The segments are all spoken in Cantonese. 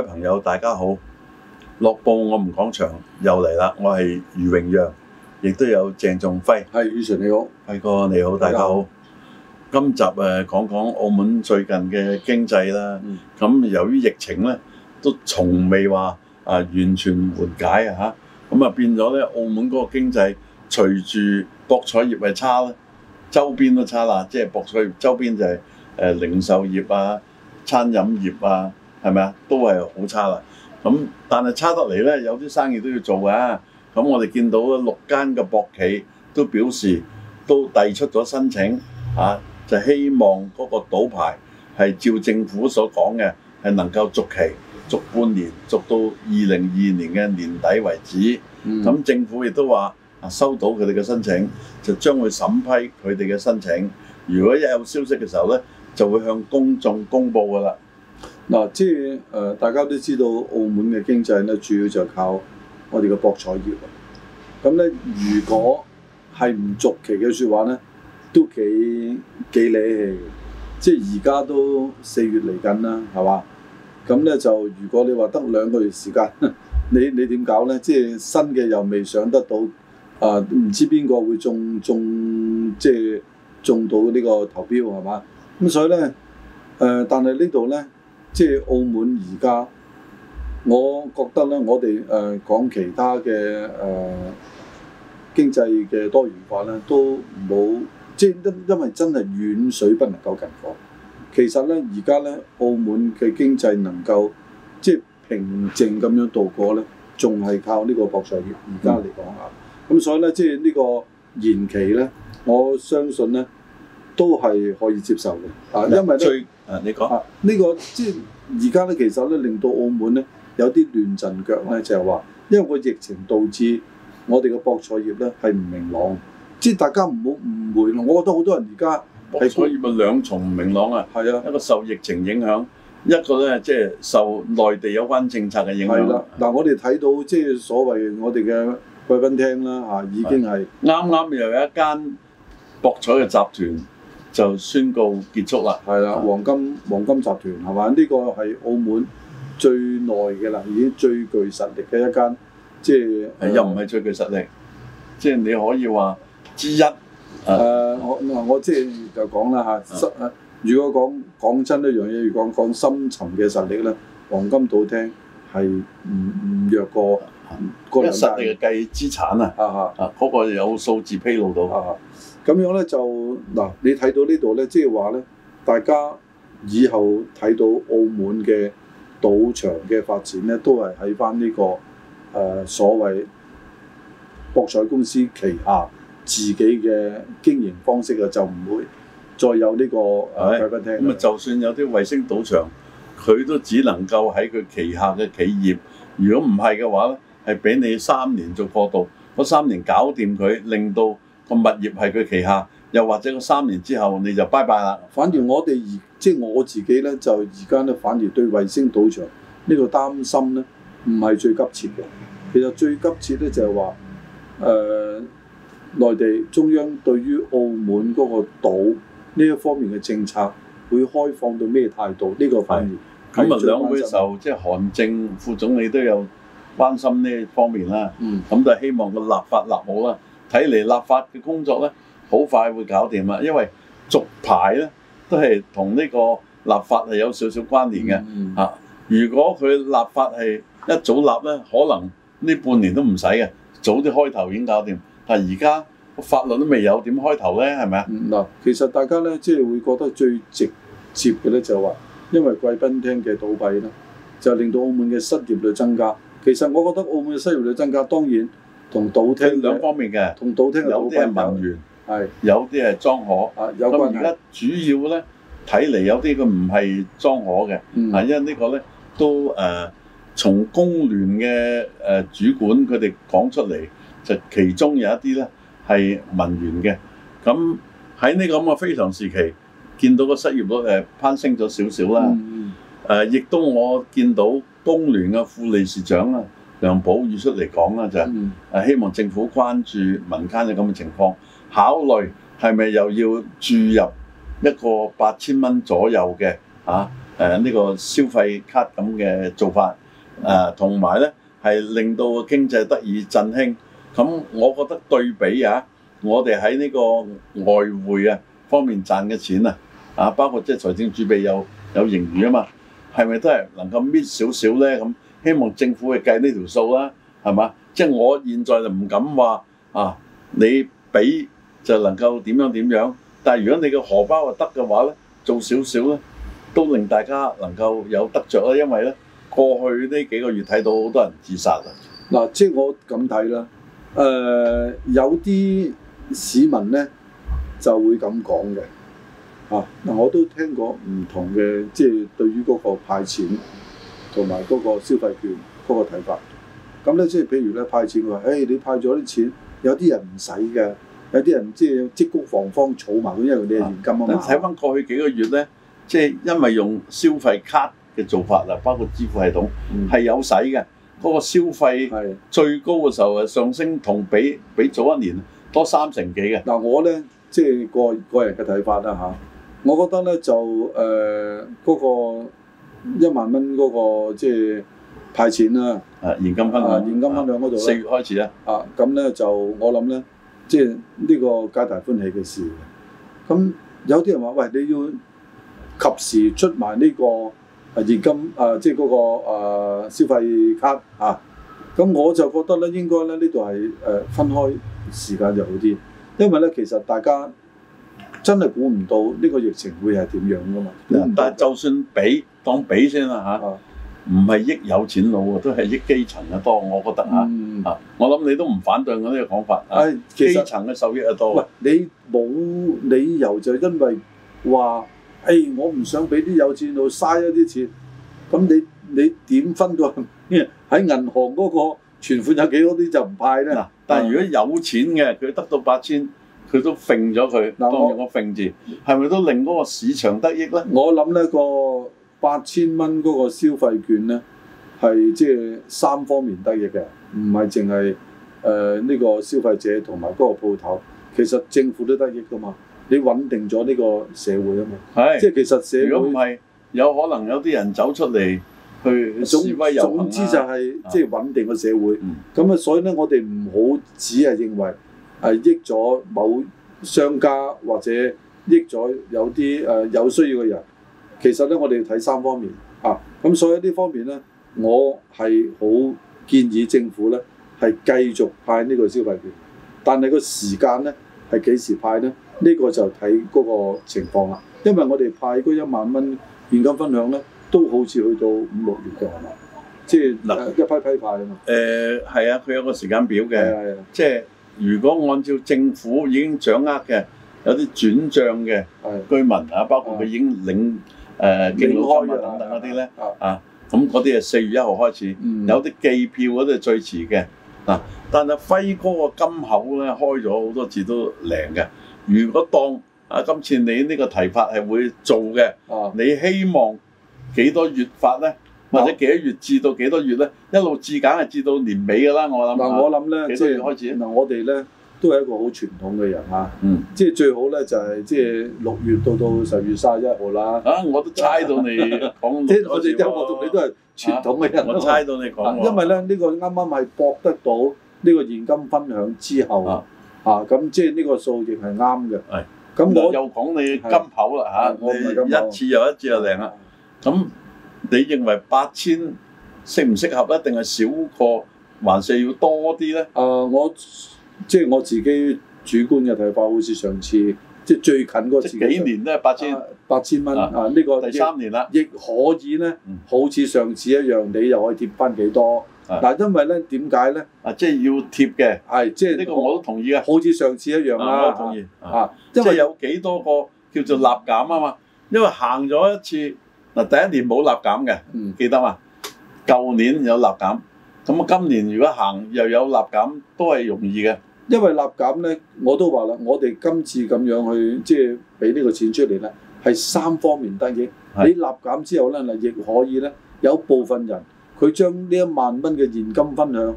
各位朋友，大家好！《樂報我們講場》又嚟啦，我係余榮陽，亦都有鄭仲輝。係宇 Sir，你好，係哥，你好，大家好。好，今集誒講講澳門最近嘅經濟啦。咁、嗯、由於疫情咧，都從未話啊完全緩解啊吓。咁啊變咗咧，澳門嗰個經濟隨住博彩業係差咧，周邊都差啦，即、就、係、是、博彩業周邊就係誒零售業啊、餐飲業啊。係咪啊？都係好差啦。咁但係差得嚟呢，有啲生意都要做㗎。咁我哋見到六間嘅博企都表示都遞出咗申請，啊就希望嗰個賭牌係照政府所講嘅，係能夠續期續半年，續到二零二二年嘅年底為止。咁、嗯、政府亦都話啊收到佢哋嘅申請，就將會審批佢哋嘅申請。如果一有消息嘅時候呢，就會向公眾公佈㗎啦。嗱、呃，即係誒、呃，大家都知道澳門嘅經濟咧，主要就靠我哋嘅博彩業。咁、嗯、咧、嗯嗯，如果係唔續期嘅説話咧，都幾幾離奇嘅。即係而家都四月嚟緊啦，係嘛？咁咧就如果你話得兩個月時間，你你點搞咧？即係新嘅又未上得到，啊、呃，唔知邊個會中中、中即係中到呢個投標係嘛？咁所以咧，誒、呃，但係呢度咧。即係澳門而家，我覺得咧，我哋誒、呃、講其他嘅誒、呃、經濟嘅多元化咧，都冇即係因因為真係遠水不能夠近火。其實咧，而家咧澳門嘅經濟能夠即係平靜咁樣度過咧，仲係靠呢個博彩業。而家嚟講啊，咁所以咧，即係呢個延期咧，我相信咧。都係可以接受嘅，啊，因為咧，啊，你講呢個即係而家咧，其實咧令到澳門咧有啲亂陣腳咧，就係話因為個疫情導致我哋嘅博彩業咧係唔明朗，即係大家唔好誤會咯。我覺得好多人而家博彩業咪兩重唔明朗啊，係啊，一個受疫情影響，一個咧即係受內地有關政策嘅影響。係啦，嗱，我哋睇到即係所謂我哋嘅貴賓廳啦，嚇已經係啱啱又有一間博彩嘅集團。就宣告結束啦。係啦，黃金黃金集團係嘛？呢、這個係澳門最耐嘅啦，已經最具實力嘅一間，即係又唔係最具實力，即係你可以話之一。誒、啊，啊、我嗱，我即係就講啦嚇、啊。如果講講真一樣嘢，如果講深沉嘅實力咧，黃金道廳係唔唔弱過。實力嘅計資產啊，啊啊，嗰、啊、個有數字披露到啊，咁樣咧就嗱、啊，你睇到呢度咧，即係話咧，大家以後睇到澳門嘅賭場嘅發展咧，都係喺翻呢個誒、呃、所謂博彩公司旗下、啊、自己嘅經營方式啊，就唔會再有呢、呢個誒。咁啊，啊就算有啲衛星賭場，佢都只能夠喺佢旗下嘅企業，如果唔係嘅話咧。係俾你三年做過渡，嗰三年搞掂佢，令到個物業係佢旗下，又或者個三年之後你就拜拜啦。反而我哋而即係我自己呢，就而家呢，反而對衛星賭場呢個擔心呢，唔係最急切嘅。其實最急切呢，就係話誒，內地中央對於澳門嗰個賭呢一方面嘅政策會開放到咩態度？呢個反而咁咪擔兩會時候？即係韓正副總理都有關心呢方面啦，咁就、嗯、希望個立法立好啦。睇嚟立法嘅工作咧，好快會搞掂啦，因為續牌咧都係同呢個立法係有少少關聯嘅。嚇、嗯，嗯、如果佢立法係一早立咧，可能呢半年都唔使嘅，早啲開頭已經搞掂。但係而家個法律都未有，點開頭咧？係咪啊？嗱、嗯，其實大家咧即係會覺得最直接嘅咧就係話，因為貴賓廳嘅倒閉咧，就令到澳門嘅失業率增加。其實我覺得澳門嘅失業率增加，當然同賭廳兩方面嘅，同賭廳有啲係文員，係是有啲係莊荷啊。咁而家主要咧睇嚟有啲佢唔係莊荷嘅，啊、嗯，因為個呢個咧都誒從、呃、工聯嘅誒主管佢哋講出嚟，就其中有一啲咧係文員嘅。咁喺呢個咁嘅非常時期，見到個失業率誒攀升咗少少啦。嗯誒，亦都我見到工聯嘅副理事長啊，梁寶宇出嚟講啦，就係誒希望政府關注民間嘅咁嘅情況，考慮係咪又要注入一個八千蚊左右嘅嚇誒呢個消費卡咁嘅做法，誒同埋呢係令到經濟得以振興。咁、啊、我覺得對比啊，我哋喺呢個外匯啊方面賺嘅錢啊，啊包括即係財政儲備有有盈餘啊嘛。係咪都係能夠搣少少呢？咁，希望政府去計呢條數啦，係嘛？即係我現在就唔敢話啊！你俾就能夠點樣點樣，但係如果你嘅荷包啊得嘅話呢，做少少呢，都令大家能夠有得着啦，因為呢過去呢幾個月睇到好多人自殺啊！嗱，即係我咁睇啦，誒有啲市民呢，就會咁講嘅。啊！嗱，我都聽過唔同嘅，即係對於嗰個派錢同埋嗰個消費券嗰個睇法。咁咧，即係譬如咧派錢，佢話：，誒，你派咗啲錢，有啲人唔使㗎，有啲人即係積谷防荒，儲埋因為佢哋係現金啊嘛。睇翻過去幾個月咧，即係因為用消費卡嘅做法啦，包括支付系統係有使嘅。嗰個消費最高嘅時候啊，上升同比比早一年多三成幾嘅。嗱，我咧即係個個人嘅睇法啦嚇。啊。我覺得咧就誒嗰、呃嗰個一萬蚊嗰、嗰個即係派錢啦，啊，現金分享，啊、現金分享嗰度、啊，四月開始咧。啊，咁咧就我諗咧，即係呢個皆大歡喜嘅事。咁有啲人話：，喂，你要及時出埋呢個啊現金啊、呃，即係嗰、嗰個、呃、消費卡啊。咁我就覺得咧，應該咧呢度係誒分開時間就好啲，因為咧其實大家。真係估唔到呢個疫情會係點樣噶嘛？但係就算俾當俾先啦嚇，唔係益有錢佬啊，都係益基層嘅多，我覺得嚇。嗯、啊，我諗你都唔反對我呢個講法啊。哎、基層嘅受益啊多。喂，你冇理由就因為話，誒、哎、我唔想俾啲有錢佬嘥一啲錢，咁你你點分到喺銀行嗰、嗰個存款有幾多啲就唔派咧、啊？但係如果有錢嘅，佢得到八千。佢都揈咗佢，當日我揈住，係咪都令嗰個市場得益咧？我諗呢個八千蚊嗰個消費券咧，係即係三方面得益嘅，唔係淨係誒呢個消費者同埋嗰個鋪頭，其實政府都得益噶嘛。你穩定咗呢個社會啊嘛，係是即係其實社會。如果唔係，有可能有啲人走出嚟去示威總遊行總之就係、是啊、即係穩定個社會。咁啊、嗯，嗯、所以咧，我哋唔好只係認為。係、啊、益咗某商家或者益咗有啲誒、呃、有需要嘅人，其實咧我哋要睇三方面啊。咁所以呢方面咧，我係好建議政府咧係繼續派呢個消費券，但係個時間咧係幾時派咧？呢、這個就睇嗰個情況啦。因為我哋派嗰一萬蚊現金分享咧，都好似去到五六年嘅，即係嗱一批批派啊嘛。誒係、呃、啊，佢有個時間表嘅，即係、啊。如果按照政府已經掌握嘅有啲轉帳嘅居民啊，的包括佢已經領誒的領安等等嗰啲咧，的啊咁嗰啲啊，四月一號開始，嗯、有啲寄票嗰啲係最遲嘅嗱。但係輝哥個金口咧開咗好多次都零嘅。如果當啊今次你呢個提法係會做嘅，啊、你希望幾多月發咧？或者幾多月至到幾多月咧？一路至梗係至到年尾噶啦，我諗。嗱，我諗咧，即係開始。嗱，我哋咧都係一個好傳統嘅人嚇、啊嗯就是，即係最好咧就係即係六月到到十月三十一號啦。啊，我都猜到你講，即 我哋都我同你都係傳統嘅人、啊。我猜到你講。因為咧，呢、這個啱啱係博得到呢個現金分享之後啊，啊咁、啊、即係呢個數亦係啱嘅。係、嗯。咁我就又講你金口啦嚇，咁一次又一次又零啦。咁、啊。啊你認為八千適唔適合一定係少過還是要多啲咧？誒，我即係我自己主觀嘅睇法，好似上次即係最近嗰次，幾年咧八千八千蚊啊！呢個第三年啦，亦可以咧，好似上次一樣，你又可以貼翻幾多？但係，因為咧點解咧？啊，即係要貼嘅，係即係呢個我都同意嘅，好似上次一樣啦，同意啊，即係有幾多個叫做立減啊嘛？因為行咗一次。第一年冇立減嘅，嗯，記得嘛？舊年有立減，咁啊，今年如果行又有立減，都係容易嘅。因為立減咧，我都話啦，我哋今次咁樣去即係俾呢個錢出嚟咧，係三方面得益。你立減之後咧，嗱，亦可以咧，有部分人佢將呢一萬蚊嘅現金分享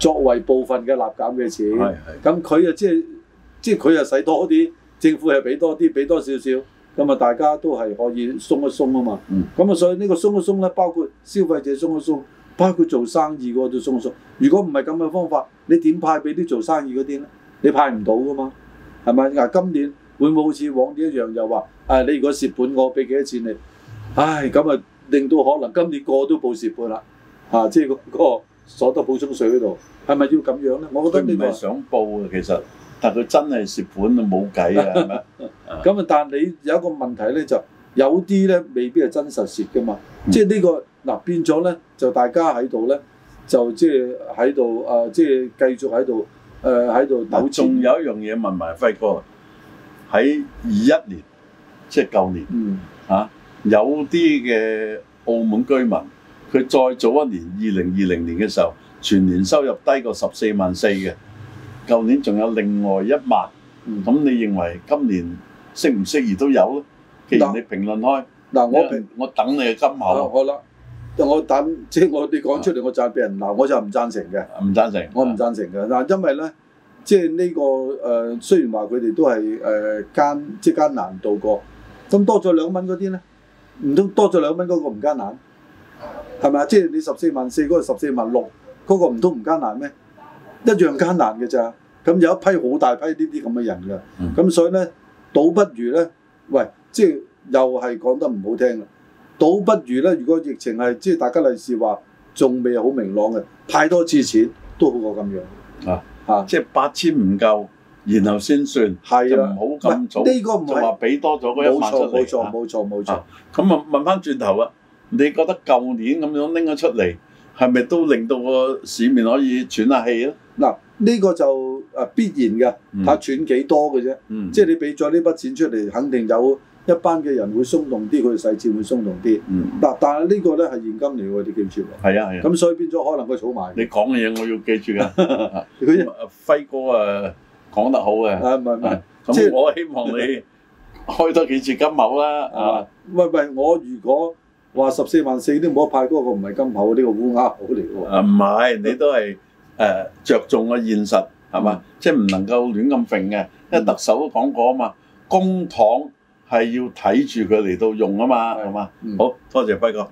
作為部分嘅立減嘅錢，咁佢啊，即係即係佢又使多啲，政府係俾多啲，俾多少少。咁啊，大家都係可以鬆一鬆啊嘛。咁啊、嗯，所以呢個鬆一鬆咧，包括消費者鬆一鬆，包括做生意個都鬆一鬆。如果唔係咁嘅方法，你點派俾啲做生意嗰啲咧？你派唔到噶嘛？係咪？嗱，今年會唔會好似往年一樣，又話誒、哎？你如果蝕本我，我俾幾多錢你？唉、哎，咁啊，令到可能今年個都報蝕本啦。啊，即係個個所得補充稅嗰度，係咪要咁樣咧？我覺得你唔想報啊，其實。但佢真係蝕本都冇計啦，係咪咁啊， 嗎 但你有一個問題咧，就有啲咧未必係真實蝕噶嘛。嗯、即係呢、呢個嗱變咗咧，就大家喺度咧，就即係喺度啊，即係繼續喺度誒喺度糾纏。仲有一樣嘢問埋輝哥，喺二一年，即係舊年嚇，有啲嘅澳門居民，佢再早一年二零二零年嘅時候，全年收入低過十四萬四嘅。舊年仲有另外一萬，咁你認為今年適唔適宜都有咯？既然你評論開，嗱我我等你嘅金口。啊、好啦，我等即係我哋講出嚟，我就係俾人鬧，我就係唔贊成嘅。唔、啊、贊成，我唔贊成嘅。嗱，因為咧，即係、這、呢個誒、呃，雖然話佢哋都係誒、呃、艱即係艱難度過，咁多咗兩蚊嗰啲咧，唔通多咗兩蚊嗰個唔艱難？係咪啊？即係你十四萬四嗰個十四萬六嗰個唔通唔艱難咩？一樣艱難嘅咋？咁有一批好大批呢啲咁嘅人嘅，咁、嗯、所以咧，倒不如咧，喂，即係又係講得唔好聽啦，倒不如咧，如果疫情係即係大家例係話，仲未好明朗嘅，派多次錢都好過咁樣。啊啊，即係八千唔夠，然後先算，的就唔好咁早呢唔、這個、就話俾多咗嗰一萬出嚟冇錯，冇錯，冇錯，冇錯。咁問、嗯、問翻轉頭啊，你覺得舊年咁樣拎咗出嚟？係咪都令到個市面可以喘下氣咧？嗱，呢個就誒必然嘅，睇喘幾多嘅啫。即係你俾咗呢筆錢出嚟，肯定有一班嘅人會鬆動啲，佢嘅細節會鬆動啲。嗱，但係呢個咧係現金嚟嘅，你記住。係啊係啊，咁所以變咗可能佢儲埋。你講嘅嘢我要記住嘅。佢輝哥啊，講得好嘅。啊唔係唔係，即係我希望你開多幾注金牛啦。啊，喂，喂我如果。話十四萬四都唔好派多個，唔係金口呢、呢個烏鴉好嚟喎。啊，唔係，你都係誒著重個現實係嘛？嗯、即係唔能夠亂咁揈嘅，嗯、因為特首都講過啊嘛，公帑係要睇住佢嚟到用啊嘛，係嘛？好多謝輝哥。